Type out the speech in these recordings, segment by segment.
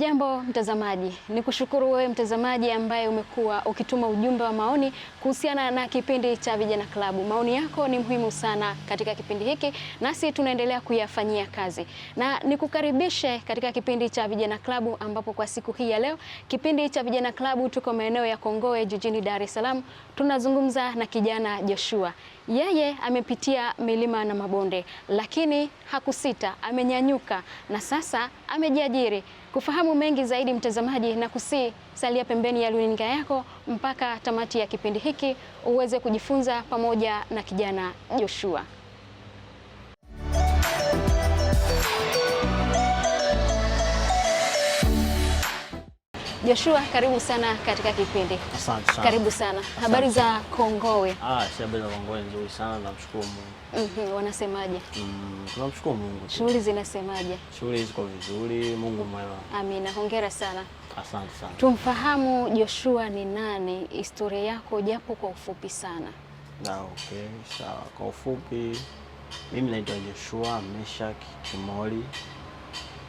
Hujambo mtazamaji, ni kushukuru wewe mtazamaji ambaye umekuwa ukituma ujumbe wa maoni kuhusiana na kipindi cha Vijana Klabu. Maoni yako ni muhimu sana katika kipindi hiki, nasi tunaendelea kuyafanyia kazi, na nikukaribishe katika kipindi cha Vijana Klabu, ambapo kwa siku hii ya leo, kipindi cha Vijana Klabu, tuko maeneo ya Kongowe jijini Dar es Salaam. Tunazungumza na kijana Joshua. Yeye amepitia milima na mabonde, lakini hakusita, amenyanyuka na sasa amejiajiri. Kufahamu mengi zaidi, mtazamaji, na kusi salia pembeni ya luninga yako mpaka tamati ya kipindi hiki uweze kujifunza pamoja na kijana Joshua. Joshua, karibu sana katika kipindi. Asante sana. Karibu sana. Habari za Kongowe? Ah, si habari za Kongowe nzuri sana, namshukuru Mungu. Mhm, wanasemaje? Mm, tunamshukuru Mungu. Shughuli zinasemaje? Shughuli ziko vizuri, Mungu mwema. Amina. Hongera sana. Asante sana. Tumfahamu Joshua ni nani, historia yako japo kwa ufupi sana. Na okay, sawa. Kwa ufupi mimi naitwa Joshua Meshak Kimoli.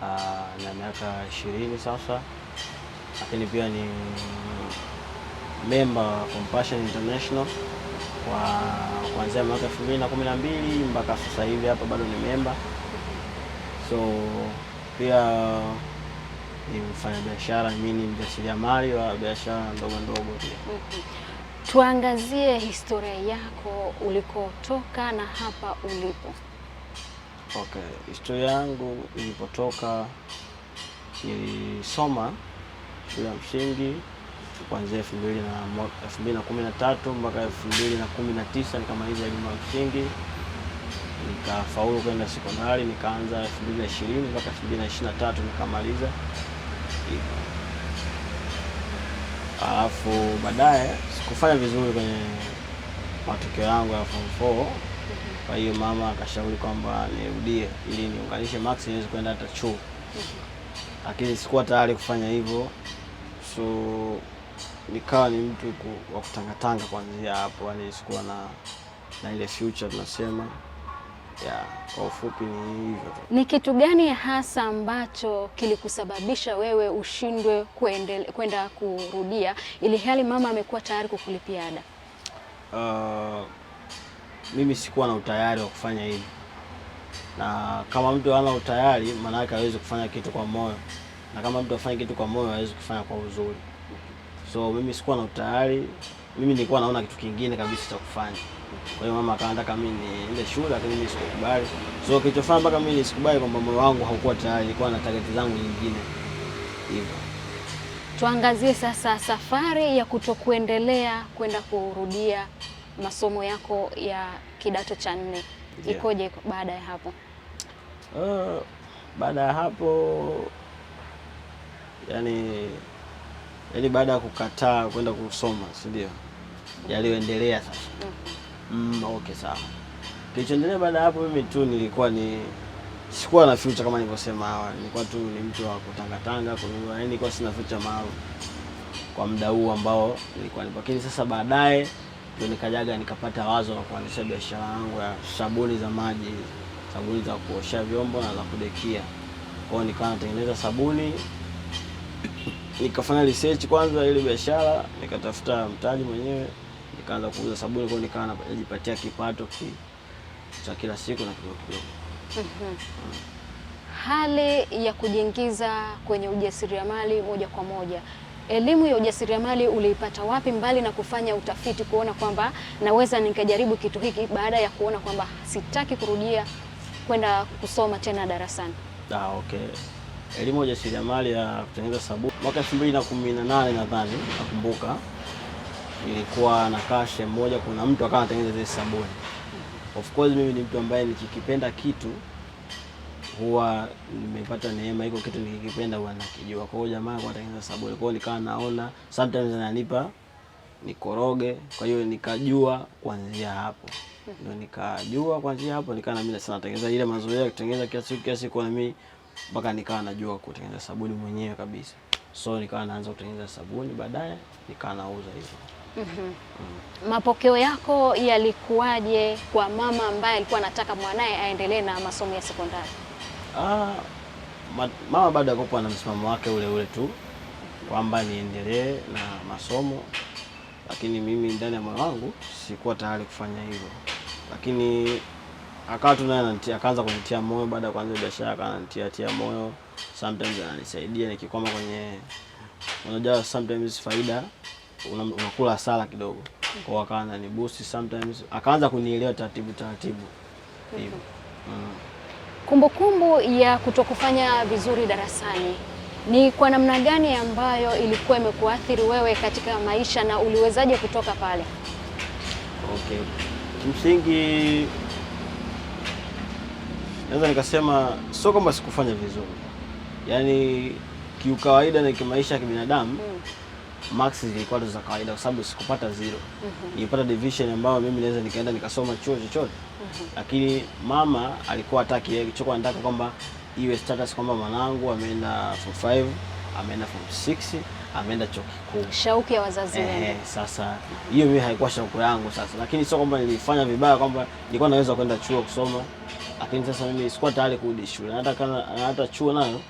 Ah, na miaka 20 sasa lakini pia ni memba wa Compassion International kwa kuanzia mwaka 2012 mpaka sasa hivi hapa bado ni memba. So pia ni mfanyabiashara, mimi ni mjasiriamali wa biashara ndogo ndogo pia. mm -hmm. Tuangazie historia yako ulikotoka na hapa ulipo. Okay, historia yangu ilipotoka nilisoma shule ya msingi kuanzia elfu mbili na elfu mbili na kumi na tatu mpaka elfu mbili na kumi na tisa nikamaliza elimu ya msingi, nikafaulu kwenda sekondari, nikaanza elfu mbili na ishirini mpaka elfu mbili na ishirini na tatu nikamaliza. Alafu baadaye sikufanya vizuri kwenye matokeo yangu ya form 4. Kwa hiyo mama akashauri kwamba nirudie ili niunganishe max niweze kwenda hata chuo, lakini sikuwa tayari kufanya hivyo so nikawa ni mtu wa kutangatanga kuanzia hapo, yani sikuwa na, na ile future tunasema ya kwa ufupi ni hivyo Ni kitu gani hasa ambacho kilikusababisha wewe ushindwe kwenda kurudia ili hali mama amekuwa tayari kukulipia ada? Uh, mimi sikuwa na utayari wa kufanya hivi, na kama mtu hana utayari maana yake hawezi kufanya kitu kwa moyo na kama mtu afanye kitu kwa moyo hawezi kufanya kwa uzuri. So mimi sikuwa na utayari, mimi nilikuwa naona kitu kingine kabisa cha kufanya. Kwa hiyo mama kama mimi niende shule, lakini mimi sikubali. So kilichofanya mpaka mimi nisikubali kwamba moyo wangu haukuwa tayari, nilikuwa na target zangu nyingine hivyo. Tuangazie sasa safari ya kutokuendelea kwenda kurudia masomo yako ya kidato cha nne ikoje? Yeah. Baada ya hapo uh, baada ya hapo yani yani baada ya kukataa kwenda kusoma, si ndio? Yaliyoendelea sasa. Mm, okay sawa. Kilichoendelea baada ya hapo, mimi tu nilikuwa ni sikuwa na future kama nilivyosema awali, nilikuwa tu ni mtu wa kutangatanga kununua, yani nilikuwa sina future maalum kwa muda huu ambao nilikuwa nipo, lakini sasa baadaye ndio nikajaga nikapata wazo la kuanzisha biashara yangu ya sabuni za maji, sabuni za kuoshea vyombo na za kudekia. Kwao nikawa natengeneza sabuni nikafanya research kwanza ile biashara, nikatafuta mtaji mwenyewe, nikaanza kuuza sabuni, kwa nikawa najipatia kipato ki, cha kila siku na kidogo kidogo. mm -hmm. Hali ya kujiingiza kwenye ujasiriamali moja kwa moja, elimu ya ujasiriamali uliipata wapi, mbali na kufanya utafiti kuona kwamba naweza nikajaribu kitu hiki, baada ya kuona kwamba sitaki kurudia kwenda kusoma tena darasani? Ah, okay elimu ya ujasiriamali ya kutengeneza sabuni mwaka 2018 nadhani nakumbuka, ilikuwa na kashe mmoja, kuna mtu akawa anatengeneza zile sabuni. Of course mimi ni mtu ambaye nikikipenda kitu huwa nimepata neema iko kitu nikikipenda huwa nakijua. Kwa hiyo jamaa alikuwa anatengeneza sabuni, kwa hiyo nikawa naona sometimes ananipa nikoroge. Kwa hiyo nikajua kuanzia hapo ndio nikajua kuanzia hapo nikaa na mimi sana natengeneza ile mazoea kutengeneza kiasi kiasi kwa mimi mpaka nikawa najua kutengeneza sabuni mwenyewe kabisa. So nikawa naanza kutengeneza sabuni, baadaye nikawa nauza hizo. mm -hmm. mm. Mapokeo yako yalikuwaje kwa mama ambaye alikuwa anataka mwanaye aendelee na masomo ya sekondari? Ah, mama bado akopo na msimamo wake ule ule tu kwamba niendelee na masomo, lakini mimi ndani ya moyo wangu sikuwa tayari kufanya hivyo, lakini akawa tu naye akaanza kunitia moyo. Baada ya kuanza biashara akaanza kunitia tia moyo, sometimes ananisaidia nikikwama kwenye, unajua sometimes faida unakula hasara kidogo, kwa akawa ananiboost sometimes, akaanza kunielewa taratibu taratibu hivyo mm. Kumbukumbu ya kutokufanya vizuri darasani ni kwa namna gani ambayo ilikuwa imekuathiri wewe katika maisha na uliwezaje kutoka pale? Okay, kimsingi naweza nikasema sio kwamba sikufanya vizuri, yaani kiukawaida na kimaisha ya kibinadamu mm. max zilikuwa tu za kawaida, kwa sababu sikupata zero. mm -hmm. Nilipata division ambayo mimi naweza nikaenda nikasoma chuo chochote. mm -hmm. Lakini mama alikuwa hataki yeye, alichokuwa anataka kwamba iwe status kwamba mwanangu ameenda form 5 ameenda form 6 ameenda chuo kikuu, shauku ya wazazi wengi. Eh, sasa hiyo mimi haikuwa shauku yangu sasa, lakini sio kwamba nilifanya vibaya, kwamba nilikuwa naweza kwenda chuo kusoma lakini sasa mimi sikuwa tayari kurudi shule, hata kama hata chuo nayo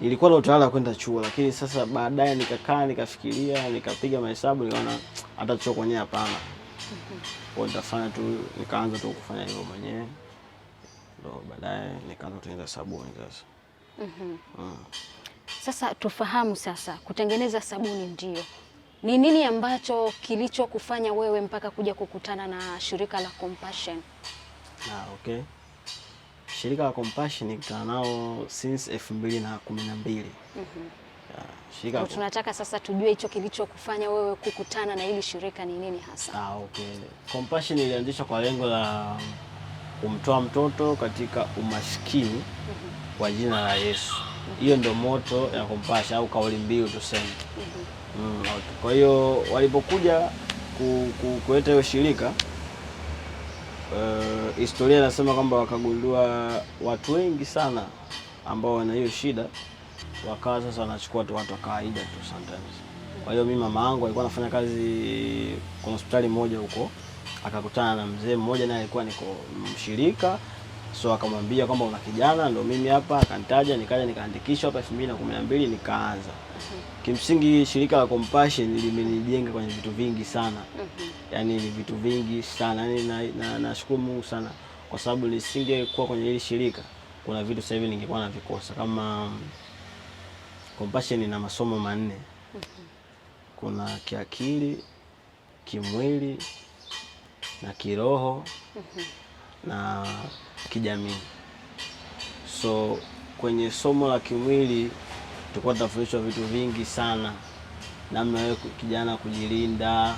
ilikuwa na utayari kwenda chuo, lakini sasa baadaye nikakaa nikafikiria nikapiga mahesabu nikaona hata chuo kwenyewe hapana, kwa nitafanya tu, nikaanza tu kufanya hivyo mwenyewe, ndo baadaye nikaanza kutengeneza sabuni sasa. mm -hmm. mm. Sasa tufahamu sasa, kutengeneza sabuni ndio ni nini ambacho kilichokufanya wewe mpaka kuja kukutana na shirika la Compassion? Ah, okay. Shirika la Compassion nikutana nao since elfu mbili na kumi na mbili. Mhm. Shirika -hmm. tunataka sasa tujue hicho kilichokufanya wewe kukutana na hili shirika ni nini hasa? Ah, okay. Compassion ilianzishwa kwa lengo la kumtoa mtoto katika umaskini mm -hmm. kwa jina la Yesu. Hiyo -hmm. ndio moto ya Compassion au kauli mbiu tuseme. mm mm, okay. Kwa hiyo walipokuja ku, ku, kuleta hiyo shirika uh, historia inasema kwamba wakagundua watu wengi sana ambao wana hiyo shida, wakawa sasa wanachukua tu watu wa kawaida tu sometimes. Kwa hiyo mimi mama yangu alikuwa anafanya kazi kwa hospitali moja huko, akakutana na mzee mmoja naye alikuwa niko mshirika So akamwambia kwamba una kijana, ndio mimi hapa. Akanitaja, nikaja nikaandikishwa hapa 2012 nikaanza. Mhm. Kimsingi shirika la Compassion limenijenga kwenye vitu vingi sana, mhm. yaani ni vitu vingi sana, yaani nashukuru na, na Mungu sana kwa sababu nisingekuwa kwenye hili shirika, kuna vitu sasa hivi ningekuwa navikosa. Kama Compassion ina masomo manne, mhm. kuna kiakili, kimwili na kiroho na kijamii. So kwenye somo la kimwili tulikuwa tunafundishwa vitu vingi sana, namna wewe kijana kujilinda,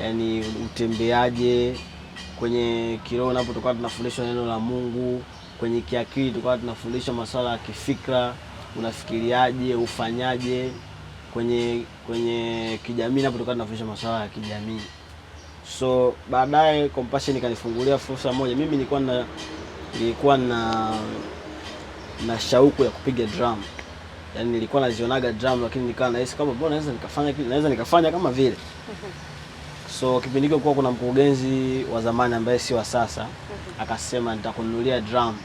yani utembeaje kwenye kiroho, napo tulikuwa tunafundishwa neno la Mungu. Kwenye kiakili tulikuwa tunafundishwa masuala ya kifikra, unafikiriaje, ufanyaje. Kwenye kwenye kijamii napo tulikuwa tunafundishwa masuala ya kijamii. So baadaye Compassion ikanifungulia fursa moja, mimi nilikuwa na nilikuwa na na shauku ya kupiga drum. Yaani nilikuwa nazionaga drum lakini nikawa nahisi kama bora naweza nikafanya kile, naweza nikafanya kama vile. So kipindi hicho kulikuwa kuna mkurugenzi wa zamani ambaye si wa sasa akasema nitakununulia drum.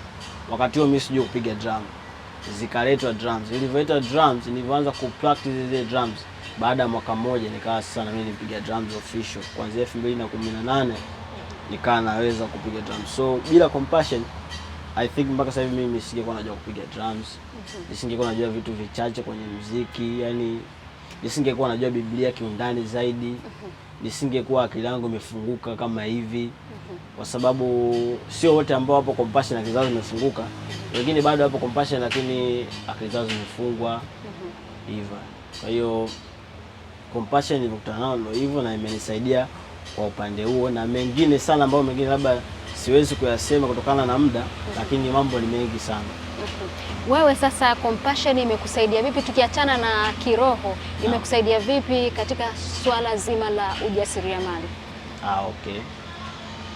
Wakati huo mimi sijui kupiga drum. Zikaletwa drums. Nilivyoita drums nilivyoanza ku practice zile drums. Baada ya mwaka mmoja nikawa sasa na mimi nipiga drums official kuanzia 2018 nikaa naweza kupiga drums. So bila compassion I think mpaka sasa hivi mimi nisingekuwa najua kupiga drums. Mhm. Nisingekuwa najua vitu vichache kwenye muziki, yani nisingekuwa najua Biblia kiundani zaidi. Mhm. Nisingekuwa akili yangu imefunguka kama hivi. Mhm. Kwa sababu sio wote ambao wapo compassion akili zao zimefunguka. Wengine bado wapo compassion lakini akili zao zimefungwa. Hivyo. Kwa hiyo compassion nilikutana nalo hivyo na imenisaidia kwa upande huo na mengine sana ambayo mengine labda siwezi kuyasema kutokana na muda mm -hmm. Lakini mambo ni mengi sana mm -hmm. Wewe sasa compassion imekusaidia vipi, tukiachana na kiroho imekusaidia vipi katika swala zima la ujasiriamali? Ah, okay.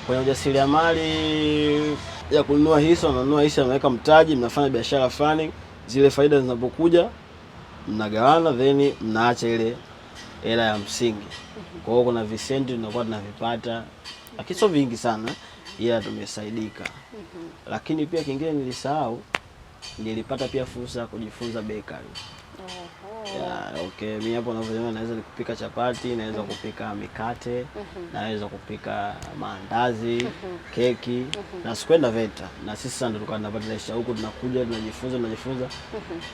Kwenye ujasiriamali ya kununua hisa, nanunua hisa, mnaweka mtaji, mnafanya biashara fulani, zile faida zinapokuja mnagawana, then mnaacha ile hela ya msingi. Kwa hiyo kuna visendi tunakuwa tunavipata, lakini sio vingi sana, ila tumesaidika. Lakini pia kingine nilisahau, nilipata pia fursa ya kujifunza bakery. Oh. Yeah, okay. Mimi hapo navyoona naweza nikupika chapati, naweza mhm. kupika mikate mhm. naweza kupika maandazi mhm. keki na sikwenda VETA, na sisi sana tulikuwa tunapata shauku, tunakuja tunajifunza tunajifunza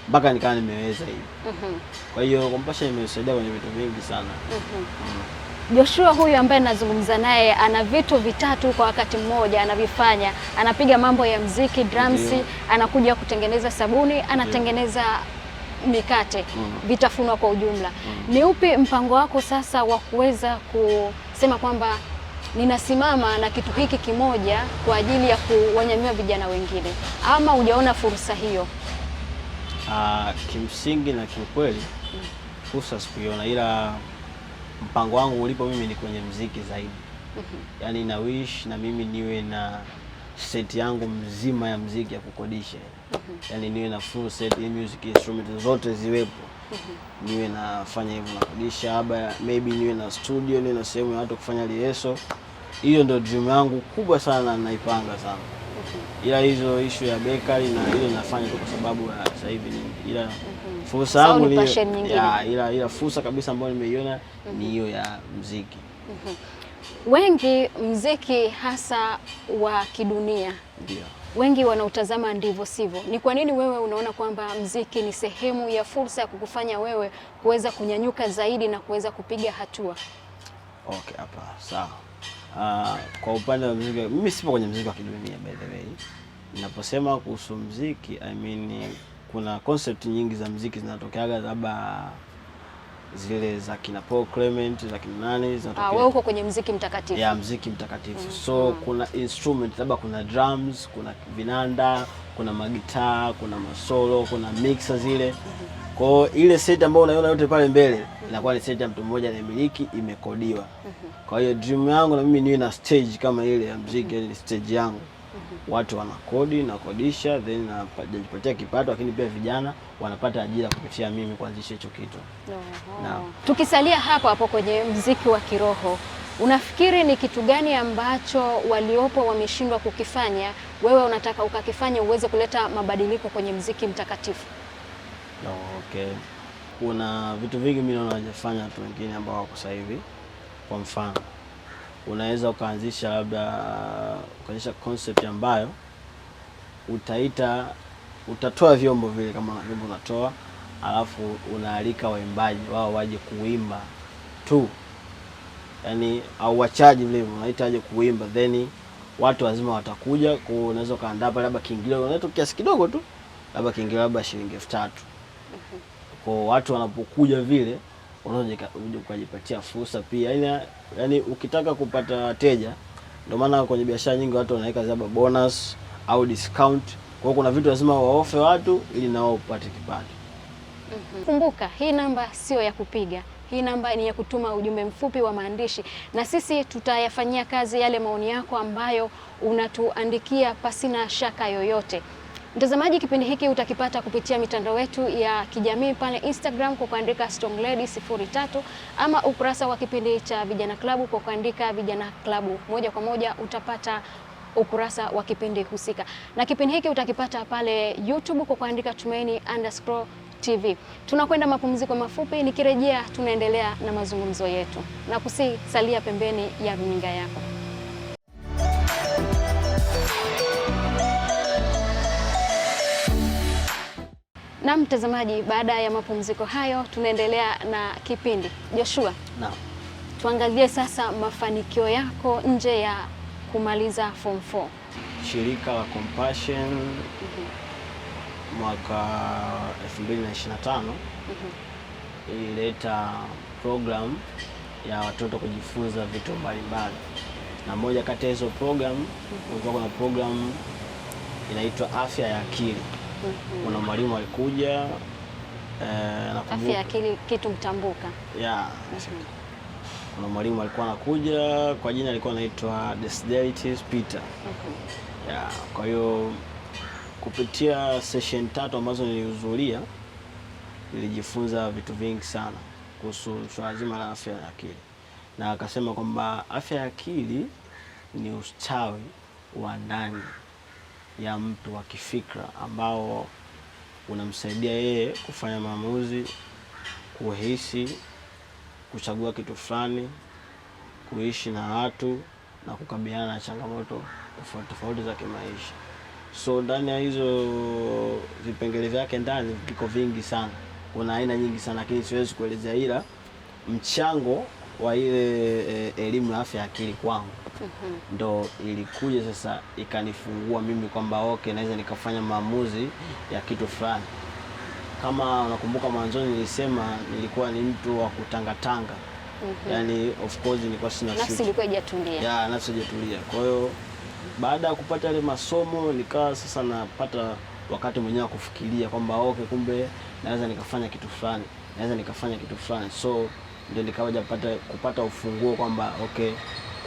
mpaka nikawa nimeweza hivi kwa hiyo Kompasha imesaidia kwenye vitu vingi sana mm. Joshua huyu ambaye nazungumza naye ana vitu vitatu kwa wakati mmoja anavifanya. Anapiga mambo ya mziki drums, anakuja kutengeneza sabuni, anatengeneza mikate mm. vitafunwa kwa ujumla mm. ni upi mpango wako sasa wa kuweza kusema kwamba ninasimama na kitu hiki kimoja kwa ajili ya kuwanyanyua vijana wengine, ama hujaona fursa hiyo? Aa, ah, kimsingi na kiukweli mm. fursa sikuiona, ila mpango wangu ulipo mimi ni kwenye mziki zaidi mm -hmm. Yaani na wish na mimi niwe na seti yangu mzima ya mziki ya kukodisha Mm-hmm. yani niwe na full set ya music instrument zote ziwepo, mm-hmm. niwe nafanya hivyo, kudisha haba, maybe niwe na studio, niwe na sehemu ya watu kufanya rehearsal. Hiyo ndio dream yangu kubwa sana, naipanga sana mm-hmm. ila hizo ishu ya bakery na ile nafanya tu kwa sababu ya sasa hivi ni ila fursa yangu ni ila, ila fursa kabisa ambayo nimeiona ni hiyo ya mziki Wengi mziki hasa wa kidunia ndio wengi wanautazama ndivyo sivyo. Ni kwa nini wewe unaona kwamba mziki ni sehemu ya fursa ya kukufanya wewe kuweza kunyanyuka zaidi na kuweza kupiga hatua? Okay, hapa sawa. Uh, kwa upande wa mziki mimi sipo kwenye mziki wa kidunia by the way. Ninaposema kuhusu mziki I mean, kuna concept nyingi za mziki zinatokeaga labda zile za kina Paul Clement za kina nani zinatokea. Ah, wewe uko kwenye muziki mtakatifu. Ya muziki mtakatifu. Mm. So mm. kuna instrument labda kuna drums, kuna vinanda, kuna magitaa, kuna masolo, kuna mixer zile. Mm-hmm. Kwa hiyo ile set ambayo unaiona yote pale mbele inakuwa ni set ya mtu mmoja anayemiliki, imekodiwa. Mm-hmm. Kwa hiyo dream yangu na mimi niwe na stage kama ile ya muziki, mm-hmm. ile stage yangu watu wanakodi na kodisha, then najipatia kipato, lakini pia vijana wanapata ajira kupitia mimi kuanzisha hicho kitu. tukisalia hapo hapo kwenye mziki wa kiroho, unafikiri ni kitu gani ambacho waliopo wameshindwa kukifanya, wewe unataka ukakifanya uweze kuleta mabadiliko kwenye mziki mtakatifu? Okay, kuna vitu vingi mimi naona hajafanya watu wengine ambao wako sasa hivi, kwa mfano unaweza ukaanzisha labda ukaanzisha concept ambayo utaita utatoa vyombo vile kama vyombo unatoa, alafu unaalika waimbaji wao waje kuimba tu, yani au wachaji vile unaita aje kuimba, then watu wazima watakuja. Kwa unaweza ukaandaa pale labda kiingilio, unaita kiasi kidogo tu, labda kiingilio labda shilingi elfu tatu mhm. kwa watu wanapokuja vile unaweza ukajipatia fursa pia Ina, yani ukitaka kupata wateja, ndio maana kwenye biashara nyingi watu wanaweka zaba bonus au discount. Kwa kuna vitu lazima waofe watu ili nao upate kipato. Mm -hmm. Kumbuka hii namba sio ya kupiga. Hii namba ni ya kutuma ujumbe mfupi wa maandishi, na sisi tutayafanyia kazi yale maoni yako ambayo unatuandikia pasina shaka yoyote. Mtazamaji, kipindi hiki utakipata kupitia mitandao yetu ya kijamii pale Instagram kwa kuandika Strong Ladies 03 ama ukurasa wa kipindi cha Vijana Klabu kwa kuandika Vijana Klabu, moja kwa moja utapata ukurasa wa kipindi husika, na kipindi hiki utakipata pale YouTube kwa kuandika Tumaini underscore TV. Tunakwenda mapumziko mafupi, nikirejea tunaendelea na mazungumzo yetu, na kusisalia pembeni ya runinga yako. Na mtazamaji, baada ya mapumziko hayo, tunaendelea na kipindi Joshua. Naam. Tuangazie sasa mafanikio yako nje ya kumaliza form 4. Shirika la Compassion mm -hmm. mwaka 2025 mm -hmm. ilileta program ya watoto kujifunza vitu mbalimbali, na moja kati ya hizo program mhm. kulikuwa mm -hmm. kuna program inaitwa afya ya akili kuna mwalimu alikuja eh, nakumbuka akili kitu mtambuka yeah. Kuna mwalimu alikuwa anakuja kwa jina alikuwa anaitwa Desiderius Peter. Okay. Yeah, kwa hiyo kupitia session tatu ambazo nilihudhuria nilijifunza vitu vingi sana kuhusu swala zima la afya ya akili, na akasema kwamba afya ya akili ni ustawi wa ndani ya mtu wa kifikra ambao unamsaidia yeye kufanya maamuzi, kuhisi, kuchagua kitu fulani, kuishi na watu na kukabiliana na changamoto tofauti tofauti za kimaisha. So ndani ya hizo vipengele vyake ndani viko vingi sana, kuna aina nyingi sana lakini siwezi kuelezea, ila mchango wa ile eh, elimu ya afya ya akili kwangu Mhm. ndo ilikuja sasa ikanifungua mimi kwamba okay, naweza nikafanya maamuzi ya kitu fulani. Kama unakumbuka mwanzoni nilisema nilikuwa ni mtu wa kutangatanga. mm -hmm. Yani, of course nilikuwa sina nafsi, ilikuwa haijatulia ya nafsi haijatulia. Kwa hiyo baada ya kupata ile masomo nikawa sasa napata wakati mwenyewe wa kufikiria kwamba okay, kumbe naweza nikafanya kitu fulani, naweza nikafanya kitu fulani, so ndio nikawaja kupata ufunguo kwamba okay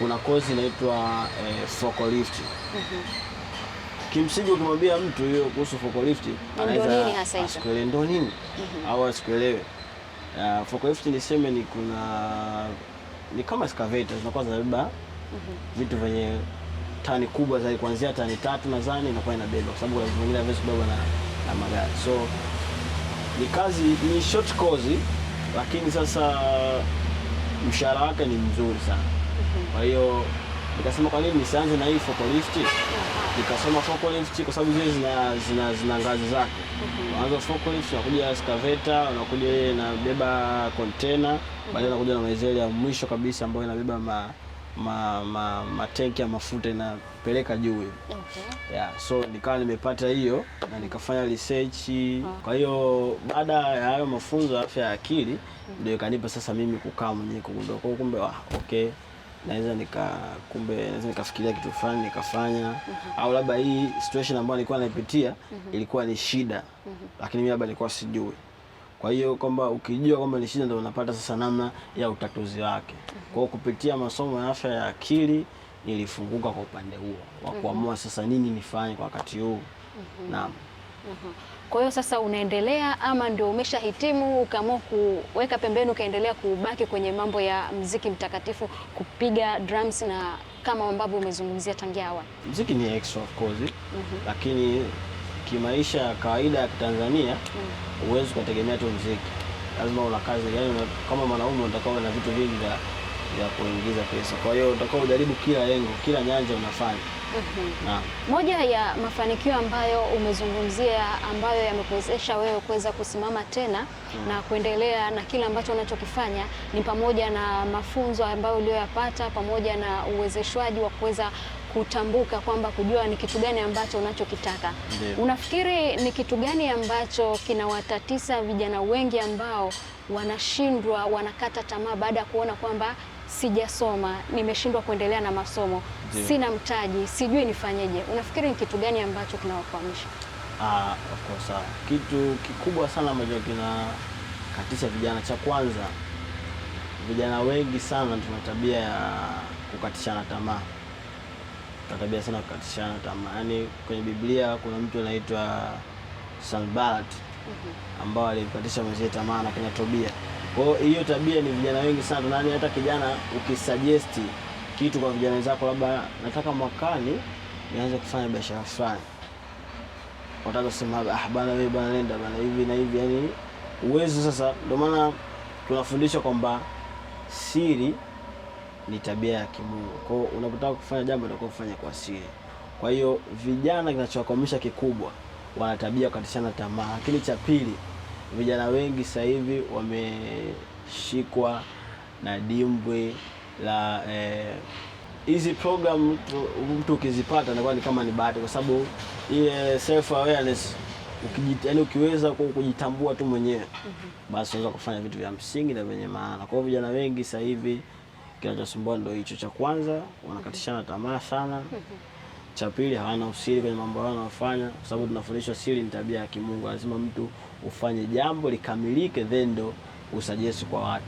kuna kozi inaitwa eh, forklift mm -hmm. Kimsingi ukimwambia mtu hiyo kuhusu forklift anaweza asikuelewe ndo nini mm au asikuelewe. Uh, forklift niseme ni kuna ni kama excavator zinakuwa zinabeba mm -hmm. vitu vyenye tani kubwa zaidi kuanzia tani tatu nadhani inakuwa inabeba, kwa sababu kuna vitu vingine havisi kubebwa na, na magari so ni kazi ni short course, lakini sasa mshahara wake ni mzuri sana. Mhm. Kwa hiyo nikasema kwa nini nisianze na hii forklift? Nikasoma forklift kwa sababu zile zina, zina, zina ngazi zake. Mhm. Anza forklift, unakuja excavator, unakuja na beba container, mhm. baadaye unakuja na maizeli ya mwisho kabisa ambayo inabeba ma ma, ma matenki ya mafuta inapeleka juu hiyo. Okay. Yeah, so nikawa nimepata hiyo na nikafanya research. Okay. Kwa hiyo baada ya hayo mafunzo ya afya ya akili ndio ikanipa sasa mimi kukaa mwenyewe kugundua kwa kumbe, ah, okay naweza nika kumbe naweza nikafikiria kitu fulani nikafanya, mm -hmm. au labda hii situation ambayo nilikuwa naipitia mm -hmm. ilikuwa ni shida mm -hmm. lakini mimi labda nilikuwa sijui. Kwa hiyo kwamba ukijua kwamba ni shida, ndio unapata sasa namna ya utatuzi wake. mm -hmm. Kwa kupitia masomo ya afya ya akili nilifunguka kwa upande huo wa mhm. kuamua sasa nini nifanye kwa wakati huu. mm -hmm. Naam. mm -hmm. Kwa hiyo sasa unaendelea ama ndio umeshahitimu ukaamua kuweka pembeni ukaendelea kubaki kwenye mambo ya mziki mtakatifu, kupiga drums na kama ambavyo umezungumzia tangia awali? Mziki ni extra of course. Mm -hmm. Lakini kimaisha ya kawaida ya Kitanzania mhm. huwezi mm. ukategemea tu mziki, lazima una kazi, yani, kama mwanaume unatakiwa na vitu vingi vya ya kuingiza pesa. Kwa hiyo utakuwa ujaribu kila lengo, kila nyanja unafanya. Mhm. Naam. Moja ya mafanikio ambayo umezungumzia ambayo yamekuwezesha wewe kuweza kusimama tena mm. na kuendelea na kile ambacho unachokifanya ni pamoja na mafunzo ambayo uliyoyapata pamoja na uwezeshwaji wa kuweza kutambuka kwamba kujua ni kitu gani ambacho unachokitaka. Unafikiri ni kitu gani ambacho kinawatatisa vijana wengi ambao wanashindwa, wanakata tamaa baada ya kuona kwamba sijasoma, nimeshindwa kuendelea na masomo Jee. sina mtaji, sijui nifanyeje, unafikiri ni kitu gani ambacho kinawakwamisha? Ah, of course, kitu kikubwa sana ambacho kinakatisha vijana, cha kwanza, vijana wengi sana tuna tabia ya kukatishana tamaa tabia sana kukatishana tamaa. Yaani, kwenye Biblia kuna mtu anaitwa Sanbalat mhm. ambao alikatisha mwenzie tamaa na kina Tobia. Kwa hiyo tabia ni vijana wengi sana tunani, hata kijana ukisuggest kitu kwa vijana wenzako, labda nataka mwakani nianze kufanya biashara fulani, wataka kusema ah, bana wewe bana, nenda bana hivi na hivi, yani uwezo sasa. Ndio maana tunafundishwa kwamba siri ni tabia ya kimungu. Kwa hiyo unapotaka kufanya jambo utakuwa kufanya kwa siri. Kwa hiyo vijana, kinachowakwamisha kikubwa, wana tabia kukatisha tamaa, lakini cha pili vijana wengi sasa hivi wameshikwa na dimbwe la eh, hizi eh, program mtu ukizipata inakuwa ni kama ni bahati, kwa sababu ile self awareness ukijit, yani ukiweza kujitambua tu mwenyewe mm -hmm. basi unaweza kufanya vitu vya msingi na vyenye maana. Kwa hiyo vijana wengi sasa hivi kinachosumbua ndio hicho cha kwanza, wanakatishana tamaa sana mm -hmm. cha pili, hawana usiri kwenye mambo yao wanayofanya, kwa sababu tunafundishwa siri ni tabia ya Kimungu, lazima mtu ufanye jambo likamilike, then ndo usajesi kwa watu.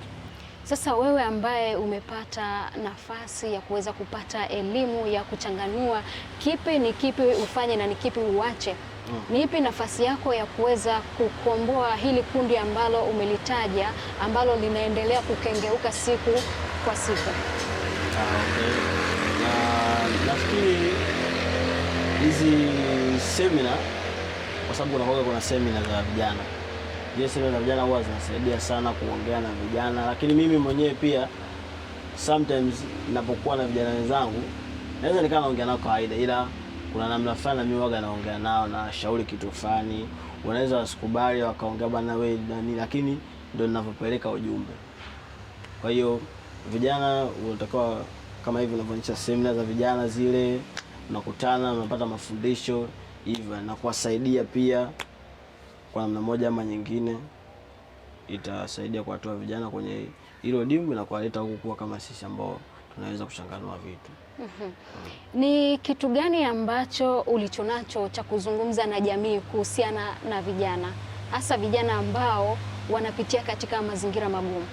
Sasa wewe ambaye umepata nafasi ya kuweza kupata elimu ya kuchanganua kipi ni kipi ufanye na ni kipi uache, mm. ni ipi nafasi yako ya kuweza kukomboa hili kundi ambalo umelitaja ambalo linaendelea kukengeuka siku kwa siku? Okay. Ah, eh, na nafikiri hizi semina kwa sababu unakuwa kuna semina za vijana. Je, semina za vijana huwa zinasaidia sana kuongea na vijana, lakini mimi mwenyewe pia sometimes ninapokuwa na vijana wenzangu naweza nikaa naongea nao kawaida, ila kuna namna fulani na mimi huwa naongea nao na shauri kitu fulani, wanaweza wasikubali wakaongea bana wewe nani, lakini ndio ninavyopeleka ujumbe. Kwa hiyo vijana unatakiwa kama hivi unavyoonyesha semina za vijana zile, unakutana unapata mafundisho hivyo na kuwasaidia pia kwa namna moja ama nyingine, itasaidia kuwatoa vijana kwenye hilo dimbwi na kuwaleta huku kuwa kama sisi ambao tunaweza kuchanganua vitu. Mhm. Ni kitu gani ambacho ulichonacho cha kuzungumza na jamii kuhusiana na vijana, hasa vijana ambao wanapitia katika mazingira magumu?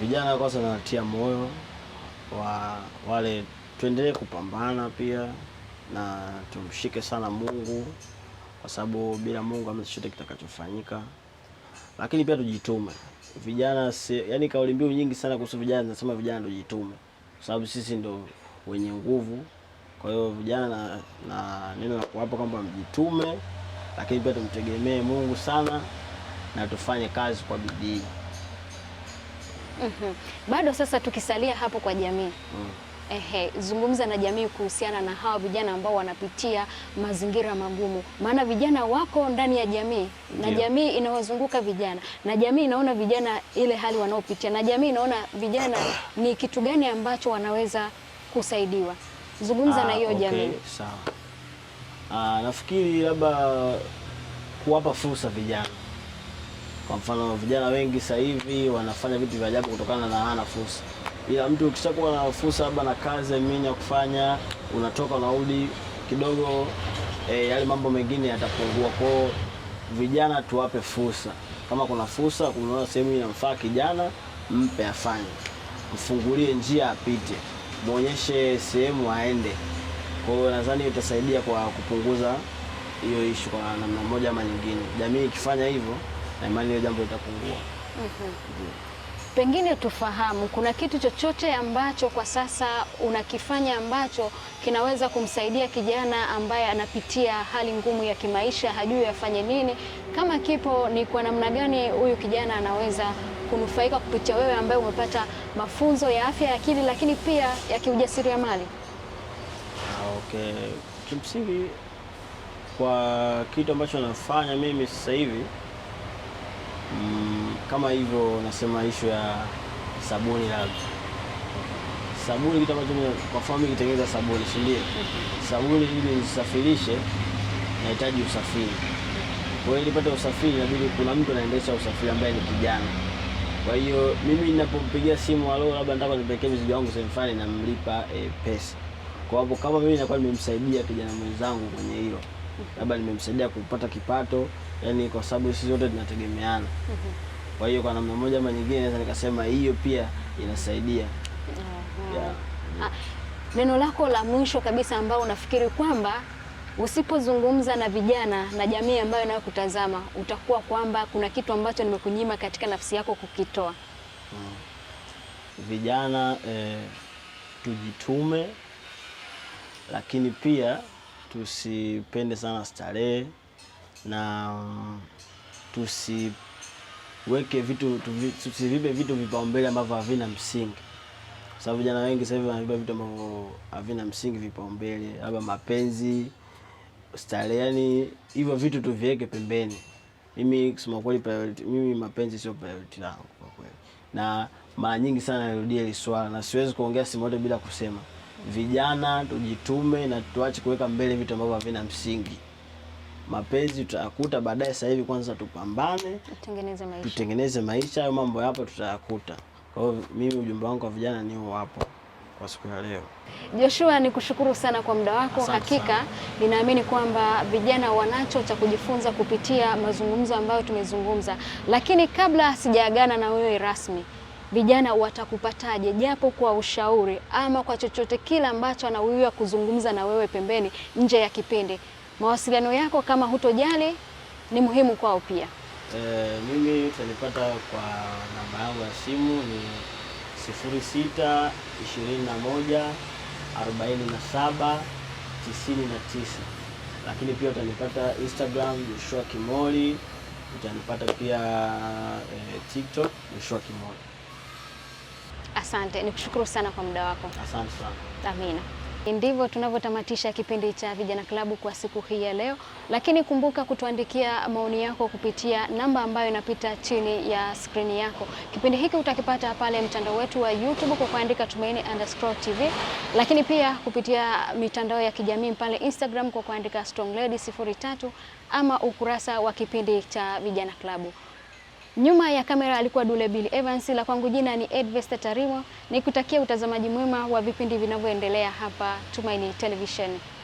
Vijana kwanza nawatia moyo wa wale tuendelee kupambana pia na tumshike sana Mungu kwa sababu bila Mungu hamna chochote kitakachofanyika, lakini pia tujitume vijana. Yani kauli mbiu nyingi sana kuhusu vijana zinasema vijana jitume, kwa sababu sisi ndo wenye nguvu. Kwa hiyo vijana na, na neno la kuwapa kwamba mjitume, lakini pia tumtegemee Mungu sana na tufanye kazi kwa bidii. mm -hmm. Bado sasa tukisalia hapo kwa jamii mm ehe, zungumza na jamii kuhusiana na hawa vijana ambao wanapitia mazingira magumu, maana vijana wako ndani ya jamii na yeah, jamii inawazunguka vijana na jamii inaona vijana ile hali wanaopitia na jamii inaona vijana ni kitu gani ambacho wanaweza kusaidiwa. Zungumza ah, na hiyo okay, jamii sawa. Ah, nafikiri labda kuwapa fursa vijana kwa mfano vijana wengi sasa hivi wanafanya vitu vya ajabu kutokana na hana fursa ila mtu ukishakuwa na fursa labda na kazi mimi ya kufanya, unatoka unarudi kidogo, e, yale mambo mengine yatapungua. Kwa vijana tuwape fursa, kama kuna fursa, kuna sehemu inamfaa kijana, mpe afanye, mfungulie njia apite, muonyeshe sehemu aende. Kwa hiyo nadhani itasaidia kwa kupunguza hiyo ishu kwa namna moja ama nyingine. Jamii ikifanya hivyo, na imani hiyo jambo litapungua. Mm-hmm. mm -hmm pengine tufahamu, kuna kitu chochote ambacho kwa sasa unakifanya ambacho kinaweza kumsaidia kijana ambaye anapitia hali ngumu ya kimaisha, hajui afanye nini? Kama kipo, ni kwa namna gani huyu kijana anaweza kunufaika kupitia wewe ambaye umepata mafunzo ya afya ya akili, lakini pia ya kiujasiriamali? Ah, okay, kimsingi kwa kitu ambacho nafanya mimi sasa hivi mm kama hivyo nasema ishu ya sabuni labda sabuni, kitu ambacho kwa familia kitengeneza sabuni, si ndio? Sabuni ili nisafirishe nahitaji usafiri. Kwa hiyo nipate usafiri, inabidi kuna mtu anaendesha usafiri ambaye ni kijana. Kwa hiyo mimi ninapompigia simu, alo, labda nataka nipelekee mzigo wangu sehemu fulani, namlipa e, pesa. Kwa hapo kama mimi nakuwa nimemsaidia kijana mwenzangu kwenye hilo, labda nimemsaidia kupata kipato, yani kwa sababu sisi wote tunategemeana. Kwa hiyo kwa namna moja ama nyingine naweza nikasema hiyo pia inasaidia. uh -huh. yeah. Ah, neno lako la mwisho kabisa ambao unafikiri kwamba usipozungumza na vijana na jamii ambayo inayokutazama utakuwa kwamba kuna kitu ambacho nimekunyima katika nafsi yako kukitoa? hmm. Vijana eh, tujitume, lakini pia tusipende sana starehe na mm, tusi weke vitu, tusivibe vitu vipaumbele ambavyo havina msingi, kwa sababu vijana wengi sasa hivi wanaviba vitu ambavyo havina msingi vipaumbele, labda mapenzi, starehe, yani hivyo vitu tuviweke pembeni. Mimi kusema kweli, priority mimi mapenzi sio priority yangu kwa kweli, na mara nyingi sana narudia hili swala na siwezi kuongea simu yote bila kusema, vijana tujitume na tuache kuweka mbele vitu ambavyo havina msingi mapenzi tutayakuta baadaye. Sasa hivi kwanza tupambane, tutengeneze maisha, tutengeneze maisha. Hayo mambo yapo, tutayakuta. Kwa hiyo mimi ujumbe wangu kwa vijana ni huo hapo kwa siku ya leo. Joshua, ni kushukuru sana kwa muda wako. Asante hakika Ninaamini kwamba vijana wanacho cha kujifunza kupitia mazungumzo ambayo tumezungumza, lakini kabla sijaagana na wewe rasmi vijana watakupataje, japo kwa ushauri ama kwa chochote kile ambacho anauiwa kuzungumza na wewe pembeni nje ya kipindi? mawasiliano yako kama hutojali ni muhimu kwao pia. E, mimi utanipata kwa namba yangu ya simu ni 06 21 47 99, lakini pia utanipata Instagram Joshua Kimoli, utanipata pia eh, TikTok Joshua Kimoli. Asante, nikushukuru sana kwa muda wako. Asante sana. Amina. Ndivyo tunavyotamatisha kipindi cha Vijana Klabu kwa siku hii ya leo, lakini kumbuka kutuandikia maoni yako kupitia namba ambayo inapita chini ya skrini yako. Kipindi hiki utakipata pale mtandao wetu wa YouTube kwa kuandika Tumaini underscore TV, lakini pia kupitia mitandao ya kijamii pale Instagram kwa kuandika Strong Lady 03 ama ukurasa wa kipindi cha Vijana Klabu. Nyuma ya kamera alikuwa Dule Bill Evans, la kwangu jina ni Edvesta Tarimo, nikutakia utazamaji mwema wa vipindi vinavyoendelea hapa Tumaini Television.